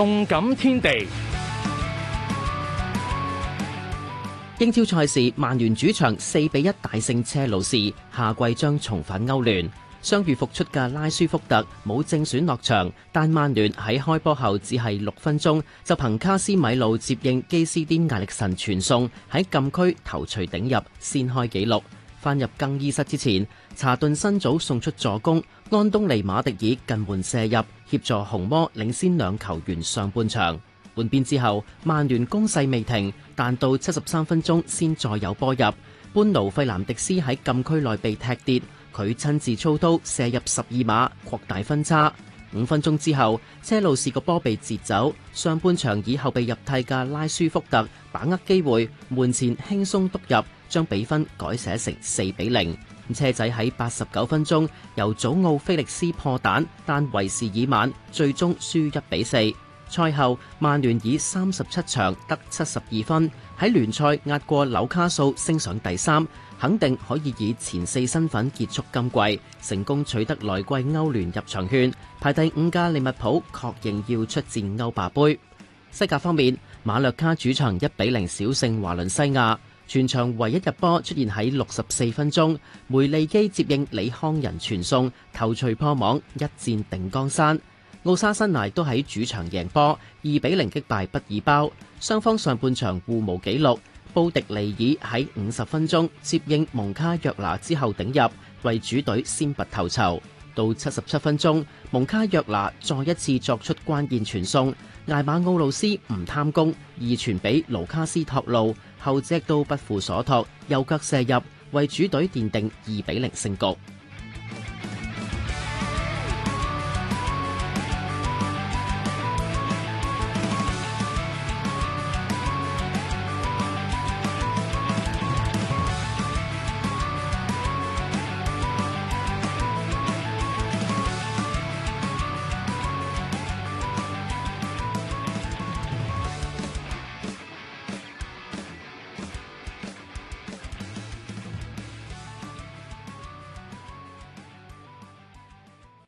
動感天地英超賽事，曼聯主場四比一大勝車路士，下季將重返歐聯。傷愈復出嘅拉舒福特冇正選落場，但曼聯喺開波後只係六分鐘就憑卡斯米路接應基斯丁亞力神傳送，喺禁區頭槌頂入，先開紀錄。翻入更衣室之前，查頓新早送出助攻，安東尼馬迪爾近門射入，協助紅魔領先兩球員上半場。換邊之後，曼聯攻勢未停，但到七十三分鐘先再有波入，般奴費南迪斯喺禁區內被踢跌，佢親自操刀射入十二碼，擴大分差。五分鐘之後，車路士個波被截走。上半場以後被入替嘅拉舒福特把握機會，門前輕鬆篤入，將比分改寫成四比零。車仔喺八十九分鐘由祖奧菲力斯破蛋，但為時已晚，最終輸一比四。賽後，曼聯以三十七場得七十二分，喺聯賽壓過紐卡素，升上第三，肯定可以以前四身份結束今季，成功取得來季歐聯入場券。排第五嘅利物浦確認要出戰歐霸盃。西甲方面，馬略卡主場一比零小勝華倫西亞，全場唯一入波出現喺六十四分鐘，梅利基接應李康仁傳送，頭錘破網，一戰定江山。奧沙辛拿都喺主場贏波，二比零擊敗畢爾包，雙方上半場互無紀錄。布迪尼爾喺五十分鐘接應蒙卡約拿之後頂入，為主隊先拔頭籌。到七十七分鐘，蒙卡約拿再一次作出關鍵傳送，艾馬奧路斯唔貪功，而傳俾盧卡斯托路，後者都不負所託，右腳射入，為主隊奠定二比零勝局。